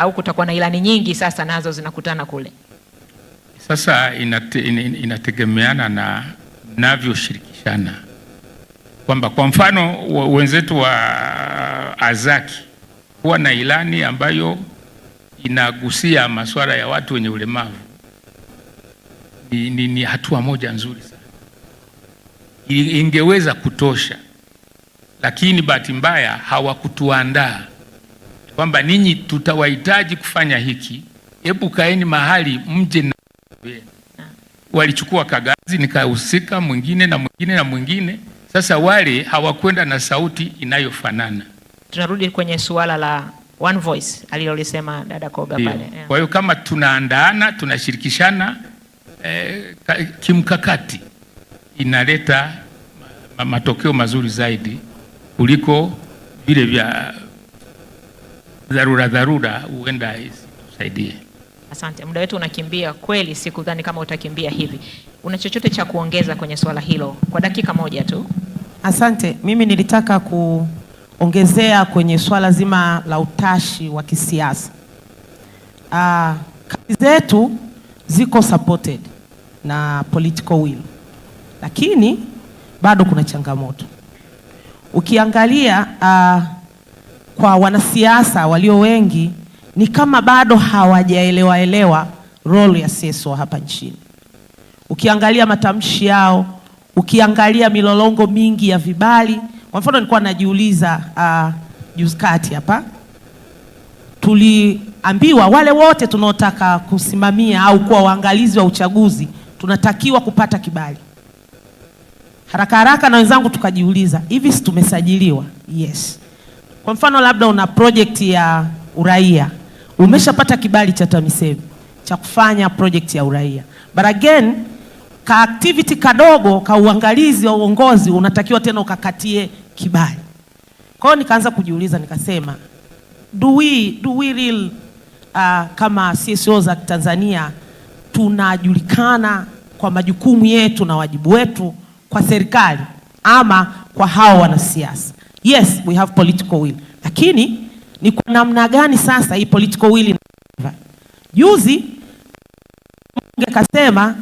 au kutakuwa na ilani nyingi sasa nazo zinakutana kule? Sasa inate, inategemeana na mnavyoshirikishana kwamba kwa mfano wenzetu wa Azaki huwa na ilani ambayo inagusia masuala ya watu wenye ulemavu. Ni, ni, ni hatua moja nzuri sana, ingeweza kutosha, lakini bahati mbaya hawakutuandaa kwamba ninyi tutawahitaji kufanya hiki, hebu kaeni mahali mje na walichukua Kagazi, nikahusika mwingine na mwingine na mwingine. Sasa wale hawakwenda na sauti inayofanana. Tunarudi kwenye suala la one voice alilolisema dada Koga pale. Eh. Kwa hiyo kama tunaandaana, tunashirikishana eh, kimkakati inaleta matokeo mazuri zaidi kuliko vile vya dharura dharura, huenda isaidie. Asante, muda wetu unakimbia kweli, sikudhani kama utakimbia hivi. Una chochote cha kuongeza kwenye swala hilo kwa dakika moja tu? Asante, mimi nilitaka kuongezea kwenye swala zima la utashi wa kisiasa. Ah, kazi zetu ziko supported na political will, lakini bado kuna changamoto ukiangalia uh, kwa wanasiasa walio wengi ni kama bado hawajaelewa elewa role ya CSO hapa nchini. Ukiangalia matamshi yao, ukiangalia milolongo mingi ya vibali. Kwa mfano, nilikuwa najiuliza uh, juzi kati hapa tuliambiwa wale wote tunaotaka kusimamia au kuwa waangalizi wa uchaguzi tunatakiwa kupata kibali haraka haraka, na wenzangu tukajiuliza, hivi si tumesajiliwa? Yes. Kwa mfano labda una project ya uraia, umeshapata kibali cha TAMISEMI cha kufanya project ya uraia, but again ka activity kadogo ka uangalizi wa uongozi unatakiwa tena ukakatie kibali. Kwa hiyo nikaanza kujiuliza nikasema, do we, do we real uh, kama CSO za Tanzania tunajulikana kwa majukumu yetu na wajibu wetu kwa serikali ama kwa hao wanasiasa? Yes, we have political will, lakini ni kwa namna gani sasa hii political will ina juzi bunge kasema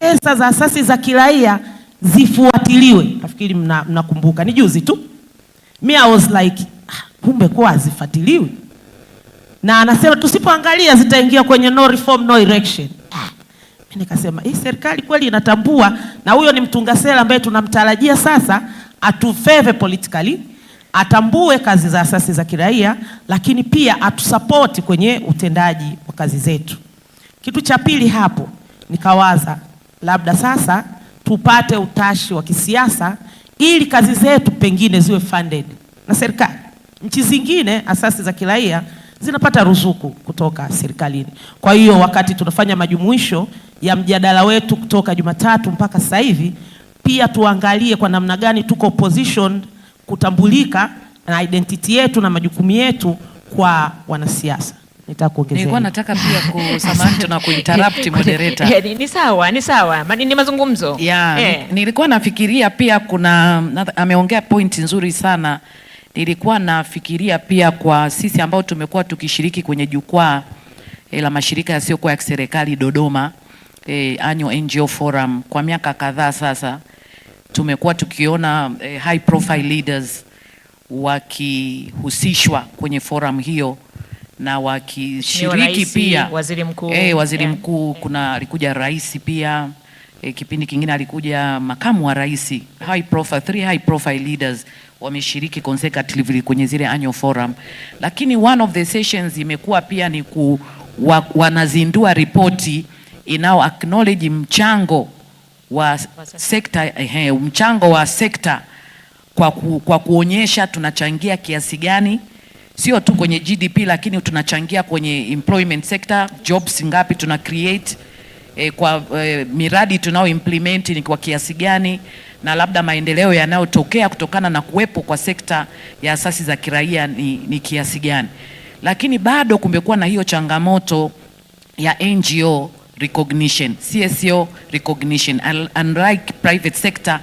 pesa za asasi za kiraia zifuatiliwe. Nafikiri mnakumbuka, mna ni juzi tu mi I was like ah, kumbe kuwa hazifuatiliwi, na anasema tusipoangalia zitaingia kwenye no reform, no election. Ah, mimi nikasema hii eh, serikali kweli inatambua, na huyo ni mtunga sera ambaye tunamtarajia sasa atufeve politically, atambue kazi za asasi za kiraia, lakini pia atusapoti kwenye utendaji wa kazi zetu. Kitu cha pili hapo nikawaza labda sasa tupate utashi wa kisiasa ili kazi zetu pengine ziwe funded na serikali. Nchi zingine asasi za kiraia zinapata ruzuku kutoka serikalini. Kwa hiyo wakati tunafanya majumuisho ya mjadala wetu kutoka Jumatatu mpaka sasa hivi pia tuangalie kwa namna gani tuko position kutambulika na identity yetu na majukumu yetu kwa wanasiasa. Nilikuwa nataka pia kusamahani na kuinterrupt moderator. Yeah, ni sawa, ni sawa. Mani, ni mazungumzo. Yeah, yeah. Nilikuwa nafikiria pia kuna ameongea point nzuri sana. Nilikuwa nafikiria pia kwa sisi ambao tumekuwa tukishiriki kwenye jukwaa eh, la mashirika yasiyokuwa ya kiserikali Dodoma, eh, annual NGO forum kwa miaka kadhaa sasa. Tumekuwa tukiona eh, high profile leaders wakihusishwa kwenye forum hiyo na wakishiriki pia. Waziri mkuu, eh, waziri yeah. mkuu kuna alikuja rais pia eh, kipindi kingine alikuja makamu wa rais. High profile, three high profile leaders wameshiriki consecutively kwenye zile annual forum, lakini one of the sessions imekuwa pia ni ku, wa, wanazindua ripoti inao acknowledge mchango wa sekta ehe, mchango wa sekta kwa, ku, kwa kuonyesha tunachangia kiasi gani sio tu kwenye GDP lakini tunachangia kwenye employment sector, jobs ngapi tuna create e, kwa e, miradi tunao implement ni kwa kiasi gani, na labda maendeleo yanayotokea kutokana na kuwepo kwa sekta ya asasi za kiraia ni, ni kiasi gani. Lakini bado kumekuwa na hiyo changamoto ya NGO recognition, CSO recognition, unlike private sector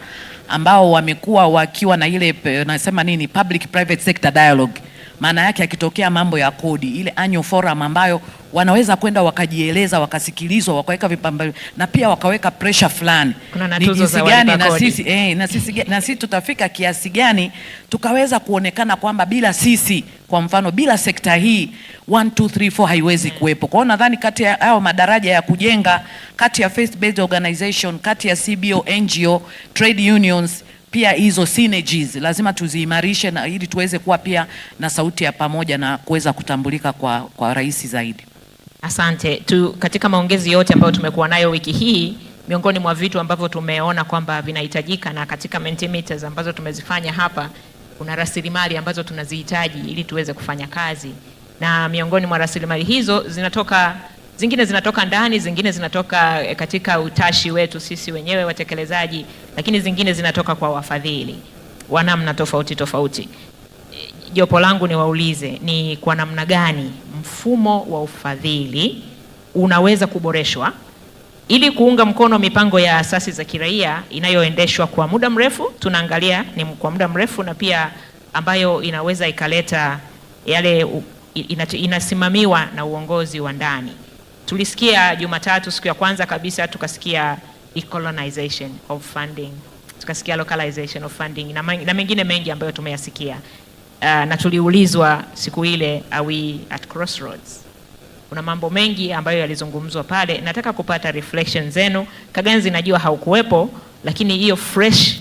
ambao wamekuwa wakiwa na ile eh, nasema nini public private sector dialogue maana yake akitokea mambo ya kodi, ile annual forum ambayo wanaweza kwenda wakajieleza wakasikilizwa wakaweka vipambano na pia wakaweka pressure fulani, ni jinsi gani na sisi, eh, na sisi na sisi tutafika kiasi gani tukaweza kuonekana kwamba bila sisi, kwa mfano, bila sekta hii 1 2 3 4 haiwezi mm. kuwepo. Kwa hiyo nadhani kati ya hayo madaraja ya kujenga kati ya faith based organization, kati ya CBO, NGO, trade unions pia hizo synergies lazima tuziimarishe na ili tuweze kuwa pia na sauti ya pamoja na kuweza kutambulika kwa, kwa rahisi zaidi. Asante tu. Katika maongezi yote ambayo tumekuwa nayo wiki hii, miongoni mwa vitu ambavyo tumeona kwamba vinahitajika na katika Mentimeters ambazo tumezifanya hapa, kuna rasilimali ambazo tunazihitaji ili tuweze kufanya kazi, na miongoni mwa rasilimali hizo zinatoka zingine zinatoka ndani, zingine zinatoka eh, katika utashi wetu sisi wenyewe watekelezaji, lakini zingine zinatoka kwa wafadhili wa namna tofauti tofauti. Jopo langu niwaulize, ni kwa namna gani mfumo wa ufadhili unaweza kuboreshwa ili kuunga mkono mipango ya asasi za kiraia inayoendeshwa kwa muda mrefu, tunaangalia ni kwa muda mrefu, na pia ambayo inaweza ikaleta yale inasimamiwa na uongozi wa ndani. Tulisikia Jumatatu siku ya kwanza kabisa tukasikia decolonization of funding, tukasikia localization of funding na, na mengine mengi ambayo tumeyasikia. Uh, na tuliulizwa siku ile are we at crossroads? Kuna mambo mengi ambayo yalizungumzwa pale, nataka kupata reflection zenu. Kaganzi, najua haukuwepo, lakini hiyo fresh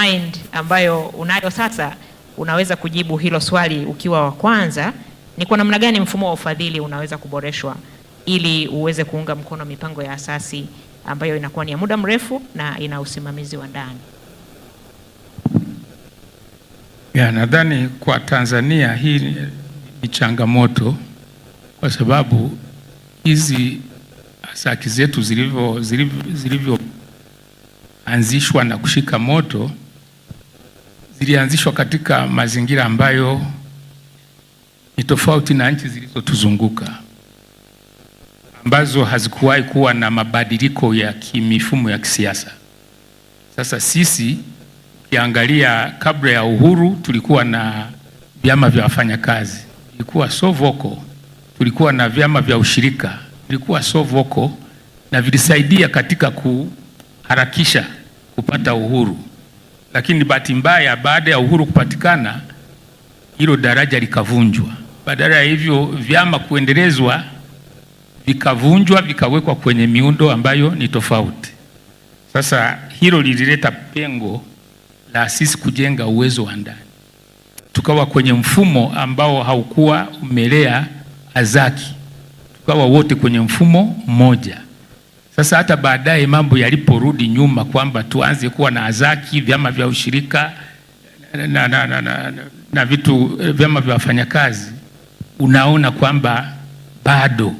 mind ambayo unayo sasa unaweza kujibu hilo swali ukiwa wa kwanza, ni kwa namna gani mfumo wa ufadhili unaweza kuboreshwa ili uweze kuunga mkono mipango ya asasi ambayo inakuwa ni ya muda mrefu na ina usimamizi wa ndani. Ya, nadhani kwa Tanzania hii ni changamoto kwa sababu hizi asaki zetu zilivyo zilivyoanzishwa na kushika moto zilianzishwa katika mazingira ambayo ni tofauti na nchi zilizotuzunguka ambazo hazikuwahi kuwa na mabadiliko ya kimifumo ya kisiasa. Sasa sisi ukiangalia, kabla ya uhuru tulikuwa na vyama vya wafanyakazi, vilikuwa Sovoko, tulikuwa na vyama vya ushirika, vilikuwa Sovoko na vilisaidia katika kuharakisha kupata uhuru, lakini bahati mbaya, baada ya uhuru kupatikana, hilo daraja likavunjwa. Badala ya hivyo vyama kuendelezwa vikavunjwa vikawekwa kwenye miundo ambayo ni tofauti. Sasa hilo lilileta pengo la sisi kujenga uwezo wa ndani, tukawa kwenye mfumo ambao haukuwa umelea azaki, tukawa wote kwenye mfumo mmoja. Sasa hata baadaye mambo yaliporudi nyuma kwamba tuanze kuwa na azaki, vyama vya ushirika na, na, na, na, na, na vitu eh, vyama vya wafanyakazi, unaona kwamba bado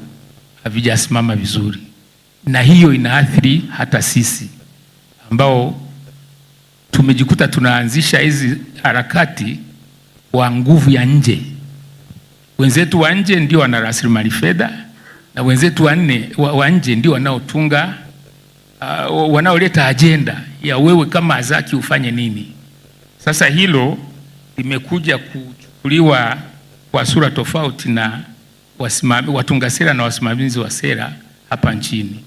havijasimama vizuri, na hiyo inaathiri hata sisi ambao tumejikuta tunaanzisha hizi harakati wa nguvu ya nje. Wenzetu wa nje ndio wana rasilimali fedha na wenzetu wanne wa nje ndio wanaotunga uh, wanaoleta ajenda ya wewe kama Azaki ufanye nini. Sasa hilo limekuja kuchukuliwa kwa sura tofauti na wasimami, watunga sera na wasimamizi wa sera hapa nchini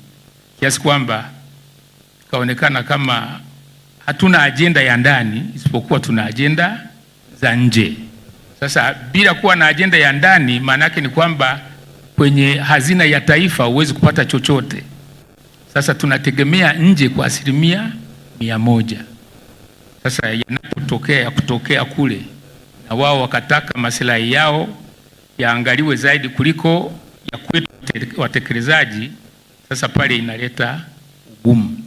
kiasi kwamba ikaonekana kama hatuna ajenda ya ndani isipokuwa tuna ajenda za nje. Sasa bila kuwa na ajenda ya ndani, maana yake ni kwamba kwenye hazina ya taifa huwezi kupata chochote. Sasa tunategemea nje kwa asilimia mia moja. Sasa yanapotokea ya kutokea kule na wao wakataka masilahi yao yaangaliwe zaidi kuliko ya kwetu watekelezaji. Sasa pale inaleta ugumu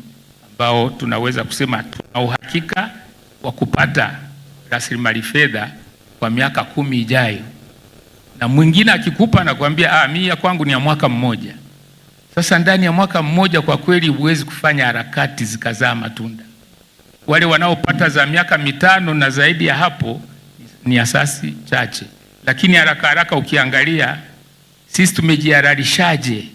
ambao tunaweza kusema tuna uhakika wa kupata rasilimali fedha kwa miaka kumi ijayo, na mwingine akikupa nakwambia, ah, mimi ya kwangu ni ya mwaka mmoja. Sasa ndani ya mwaka mmoja kwa kweli huwezi kufanya harakati zikazaa matunda. Wale wanaopata za miaka mitano na zaidi ya hapo ni asasi chache. Lakini haraka haraka ukiangalia sisi tumejihalalishaje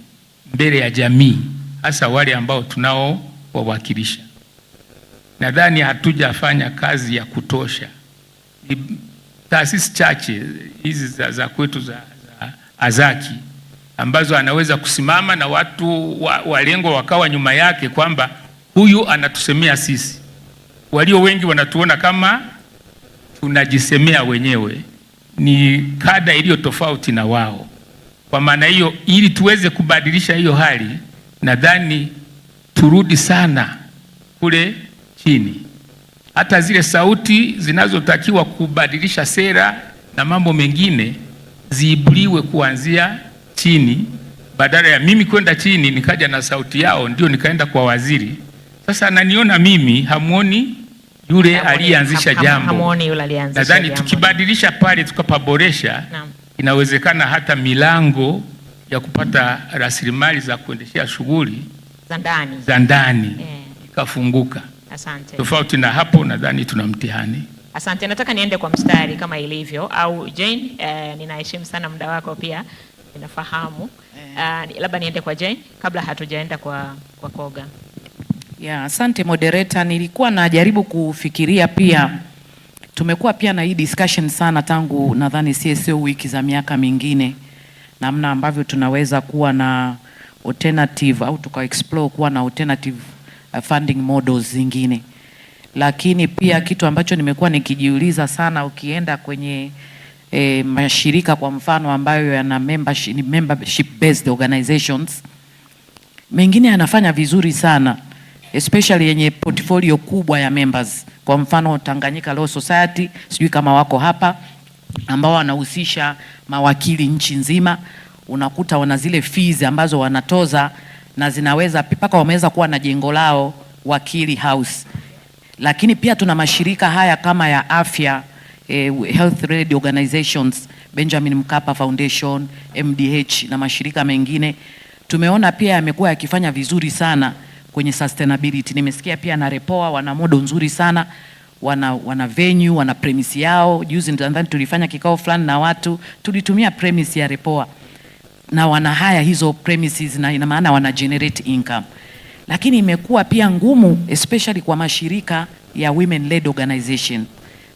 mbele ya jamii, hasa wale ambao tunao wawakilisha, nadhani hatujafanya kazi ya kutosha. Ni taasisi chache hizi za, za kwetu za, za Azaki ambazo anaweza kusimama na watu wa, walengwa wakawa nyuma yake kwamba huyu anatusemea sisi. Walio wengi wanatuona kama tunajisemea wenyewe ni kada iliyo tofauti na wao. Kwa maana hiyo, ili tuweze kubadilisha hiyo hali, nadhani turudi sana kule chini. Hata zile sauti zinazotakiwa kubadilisha sera na mambo mengine ziibuliwe kuanzia chini, badala ya mimi kwenda chini nikaja na sauti yao ndio nikaenda kwa waziri. Sasa naniona mimi, hamuoni yule aliyeanzisha jambo, nadhani tukibadilisha pale tukapaboresha, inawezekana hata milango ya kupata rasilimali za kuendeshea shughuli za ndani eh. ikafunguka. Asante. Tofauti na hapo nadhani tuna mtihani. Asante, nataka niende kwa mstari kama ilivyo au Jane. Eh, ninaheshimu sana muda wako pia ninafahamu. Eh, ah, labda niende kwa Jane kabla hatujaenda kwa, kwa Koga. Ya, asante moderator, nilikuwa najaribu kufikiria pia, mm. tumekuwa pia na hii discussion sana tangu nadhani CSO wiki za miaka mingine, namna ambavyo tunaweza kuwa na alternative au tuka explore kuwa na alternative uh, funding models zingine, lakini pia kitu ambacho nimekuwa nikijiuliza sana, ukienda kwenye E, mashirika kwa mfano ambayo yana membership, membership based organizations mengine yanafanya vizuri sana especially yenye portfolio kubwa ya members. Kwa mfano Tanganyika Law Society, sijui kama wako hapa, ambao wanahusisha mawakili nchi nzima, unakuta wana zile fees ambazo wanatoza na zinaweza mpaka wameweza kuwa na jengo lao wakili house. Lakini pia tuna mashirika haya kama ya afya eh, health related organizations, Benjamin Mkapa Foundation, MDH na mashirika mengine tumeona pia yamekuwa yakifanya vizuri sana kwenye sustainability. Nimesikia pia na Repoa wana modo nzuri sana wana, wana venue wana premise yao. Juzi nadhani tulifanya kikao fulani na watu tulitumia premise ya Repoa na wana haya hizo premises, na ina maana wana generate income, lakini imekuwa pia ngumu especially kwa mashirika ya women led organization.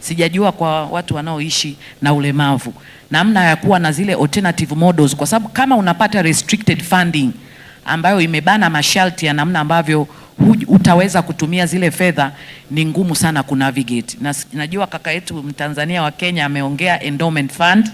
Sijajua kwa watu wanaoishi na ulemavu namna ya kuwa na zile alternative models, kwa sababu kama unapata restricted funding ambayo imebana masharti ya namna ambavyo utaweza kutumia zile fedha ni ngumu sana kunavigate. Na najua kaka yetu Mtanzania wa Kenya ameongea endowment fund.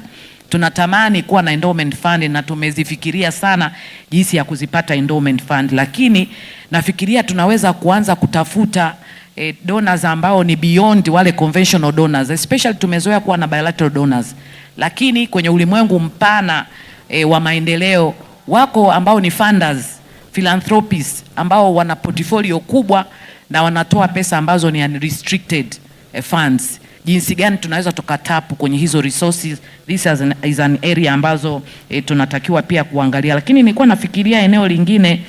Tunatamani kuwa na endowment fund na tumezifikiria sana jinsi ya kuzipata endowment fund, lakini nafikiria tunaweza kuanza kutafuta eh, donors ambao ni beyond wale conventional donors, especially tumezoea kuwa na bilateral donors, lakini kwenye ulimwengu mpana eh, wa maendeleo Wako ambao ni funders, philanthropists ambao wana portfolio kubwa na wanatoa pesa ambazo ni unrestricted eh, funds. Jinsi gani tunaweza tukatapu kwenye hizo resources? This is an, is an area ambazo e, tunatakiwa pia kuangalia, lakini nilikuwa nafikiria eneo lingine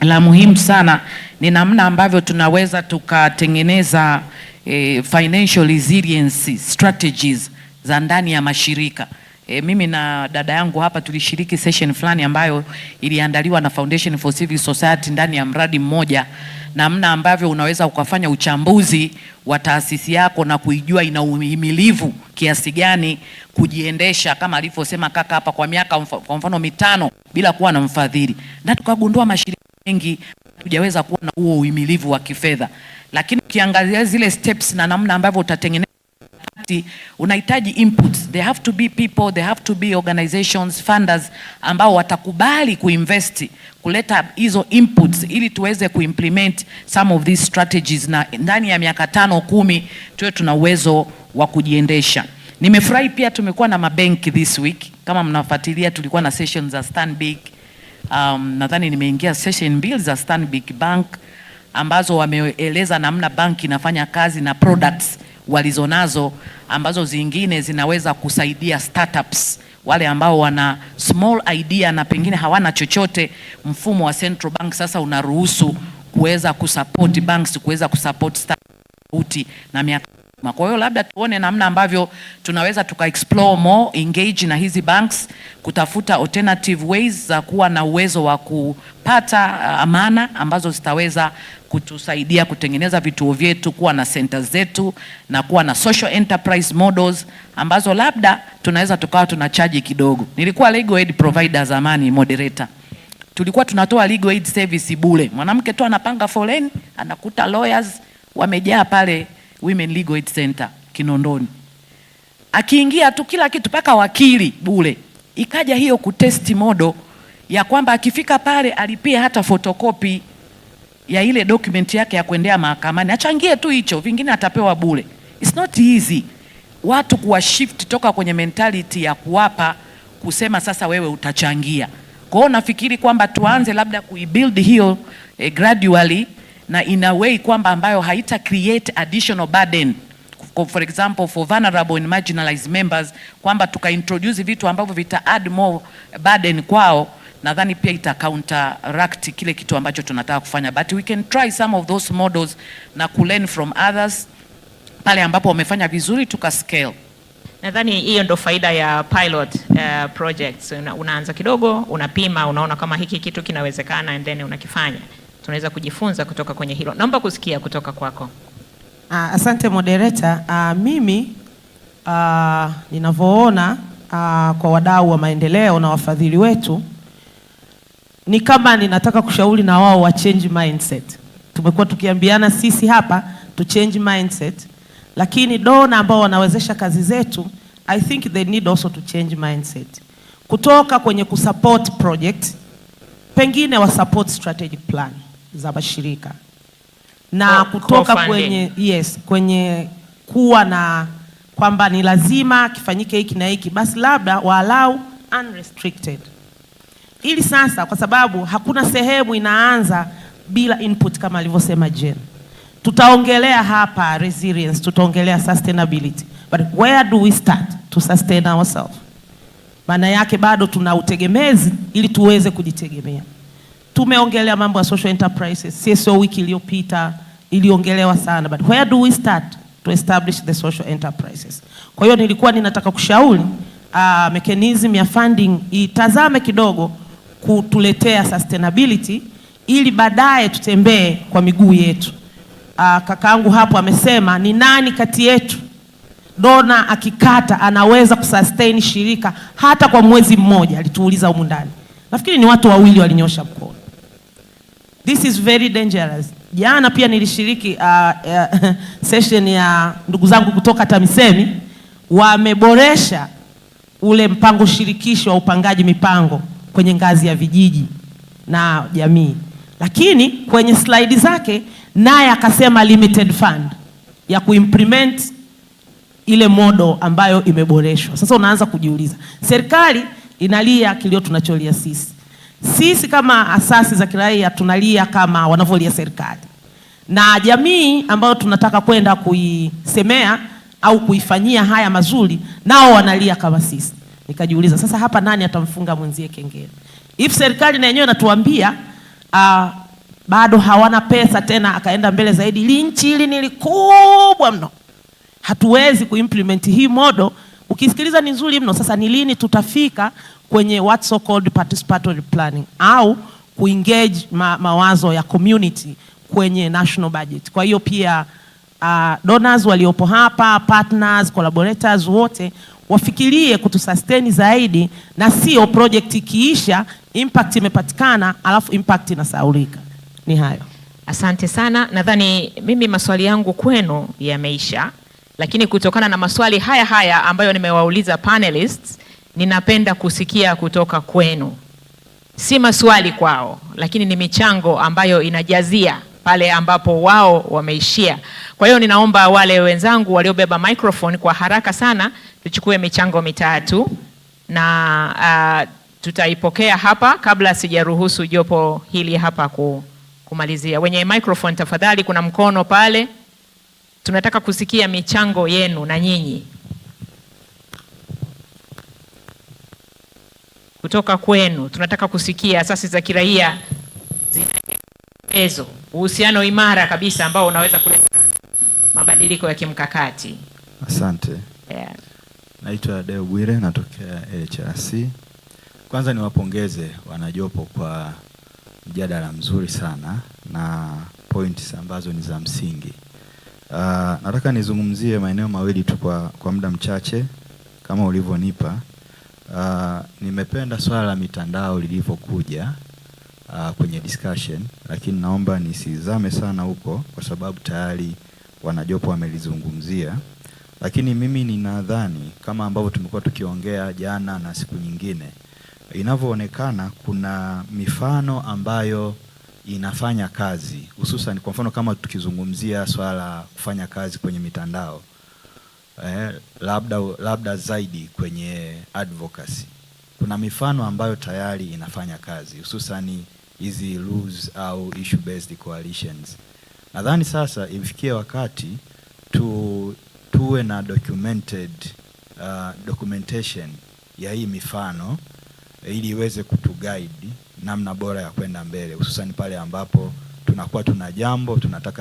la muhimu sana ni namna ambavyo tunaweza tukatengeneza e, financial resilience strategies za ndani ya mashirika. E, mimi na dada yangu hapa tulishiriki session fulani ambayo iliandaliwa na Foundation for Civil Society ndani ya mradi mmoja, namna ambavyo unaweza ukafanya uchambuzi wa taasisi yako na kuijua ina uhimilivu kiasi gani kujiendesha, kama alivyosema kaka hapa, kwa miaka kwa mfano mitano bila kuwa na mfadhili, na tukagundua mashirika mengi hujaweza kuwa na huo uhimilivu wa kifedha, lakini ukiangalia zile steps na namna ambavyo utatengeneza binafsi unahitaji inputs. There have to be people, there have to be organizations, funders ambao watakubali kuinvest, kuleta hizo inputs ili tuweze kuimplement some of these strategies, na ndani ya miaka tano kumi tuwe tuna uwezo wa kujiendesha. Nimefurahi pia tumekuwa na mabenki this week, kama mnafuatilia, tulikuwa na sessions za Stanbic. Um, nadhani nimeingia session mbili za Stanbic Bank ambazo wameeleza namna banki inafanya kazi na products walizonazo ambazo zingine zinaweza kusaidia startups wale ambao wana small idea na pengine hawana chochote. Mfumo wa Central Bank sasa unaruhusu kuweza kusupport banks kuweza kusupport startups na miaka kwa hiyo labda tuone namna ambavyo tunaweza tuka explore more engage na hizi banks kutafuta alternative ways za kuwa na uwezo wa kupata uh, amana ambazo zitaweza kutusaidia kutengeneza vituo vyetu, kuwa na centers zetu na kuwa na social enterprise models ambazo labda tunaweza tukawa tuna charge kidogo. Nilikuwa legal aid provider zamani, moderator tulikuwa tunatoa legal aid service bure. Mwanamke tu anapanga foleni anakuta lawyers wamejaa pale Women Legal Aid Center Kinondoni, akiingia tu kila kitu mpaka wakili bure. Ikaja hiyo kutesti modo ya kwamba akifika pale alipia hata fotokopi ya ile document yake ya kuendea mahakamani, achangie tu hicho, vingine atapewa bure. It's not easy watu kuwa shift toka kwenye mentality ya kuwapa kusema sasa wewe utachangia. Kwa hiyo nafikiri kwamba tuanze labda kuibuild hiyo eh, gradually na in a way kwamba ambayo haita create additional burden for example for vulnerable and marginalized members, kwamba introduce vitu ambavyo vita add more burden kwao, nadhani pia ita counteract kile kitu ambacho tunataka kufanya, but we can try some of those models na learn from others. Pale ambapo wamefanya vizuri tuka scale. Nadhani hiyo ndo faida ya pilot uh, projects. Una, unaanza kidogo, unapima, unaona kama hiki kitu kinawezekana and then unakifanya tunaweza kujifunza kutoka kwenye hilo. Naomba kusikia kutoka kwako. Ah, asante moderator. Ah, mimi ah, ninavyoona kwa wadau wa maendeleo na wafadhili wetu ni kama ninataka kushauri na wao wa change mindset. Tumekuwa tukiambiana sisi hapa to change mindset, lakini dona ambao wanawezesha kazi zetu I think they need also to change mindset kutoka kwenye kusupport project, pengine wa support strategic plan za mashirika na Co kutoka kwenye, yes, kwenye kuwa na kwamba ni lazima kifanyike hiki na hiki, basi labda walau unrestricted, ili sasa, kwa sababu hakuna sehemu inaanza bila input kama alivyosema Jen. Tutaongelea hapa resilience, tutaongelea sustainability, but where do we start to sustain ourselves? Maana yake bado tuna utegemezi ili tuweze kujitegemea. Tumeongelea mambo ya social enterprises, CSO wiki iliyopita iliongelewa sana, but where do we start to establish the social enterprises? Kwa hiyo nilikuwa ninataka kushauri uh, mechanism ya funding itazame kidogo kutuletea sustainability ili baadaye tutembee kwa miguu yetu. Uh, kakaangu hapo amesema ni nani kati yetu dona akikata anaweza kusustain shirika hata kwa mwezi mmoja, alituuliza humu ndani. Nafikiri ni watu wawili walinyosha mkono. This is very dangerous. Jana pia nilishiriki uh, uh, session ya ndugu zangu kutoka TAMISEMI wameboresha ule mpango shirikishi wa upangaji mipango kwenye ngazi ya vijiji na jamii, lakini kwenye slide zake naye akasema limited fund ya kuimplement ile modo ambayo imeboreshwa. Sasa unaanza kujiuliza, serikali inalia kilio tunacholia sisi. Sisi kama asasi za kiraia tunalia kama wanavyolia serikali, na jamii ambayo tunataka kwenda kuisemea au kuifanyia haya mazuri, nao wanalia kama sisi. Nikajiuliza, sasa hapa nani atamfunga mwenzie kengele? If serikali na yenyewe inatuambia uh, bado hawana pesa tena, akaenda mbele zaidi, linchi hili ni likubwa mno, hatuwezi kuimplement hii modo ukisikiliza ni nzuri mno. Sasa ni lini tutafika kwenye what so called participatory planning au kuengage ma mawazo ya community kwenye national budget? Kwa hiyo pia uh, donors waliopo hapa, partners, collaborators wote wafikirie kutusustain zaidi, na sio project ikiisha impact imepatikana alafu impact inasahaulika. Ni hayo, asante sana. Nadhani mimi maswali yangu kwenu yameisha. Lakini kutokana na maswali haya haya ambayo nimewauliza panelists, ninapenda kusikia kutoka kwenu, si maswali kwao, lakini ni michango ambayo inajazia pale ambapo wao wameishia. Kwa hiyo ninaomba wale wenzangu waliobeba microphone kwa haraka sana tuchukue michango mitatu na uh, tutaipokea hapa kabla sijaruhusu jopo hili hapa kumalizia. Wenye microphone tafadhali, kuna mkono pale. Tunataka kusikia michango yenu na nyinyi kutoka kwenu. Tunataka kusikia asasi za kiraia zinaezo uhusiano imara kabisa ambao unaweza kuleta mabadiliko ya kimkakati. Asante yeah. Naitwa Deo Bwire natokea LHRC. Kwanza niwapongeze wanajopo kwa mjadala mzuri sana na points ambazo ni za msingi. Uh, nataka nizungumzie maeneo mawili tu kwa, kwa muda mchache kama ulivyonipa. Uh, nimependa swala la mitandao lilivyokuja uh, kwenye discussion, lakini naomba nisizame sana huko kwa sababu tayari wanajopo wamelizungumzia, lakini mimi ninadhani kama ambavyo tumekuwa tukiongea jana na siku nyingine, inavyoonekana kuna mifano ambayo inafanya kazi, hususan kwa mfano kama tukizungumzia swala la kufanya kazi kwenye mitandao eh, labda, labda zaidi kwenye advocacy kuna mifano ambayo tayari inafanya kazi hususani hizi rules au issue based coalitions. Nadhani sasa ifikie wakati tu, tuwe na documented uh, documentation ya hii mifano ili iweze kutuguide namna bora ya kwenda mbele, hususani pale ambapo tunakuwa tuna jambo tunataka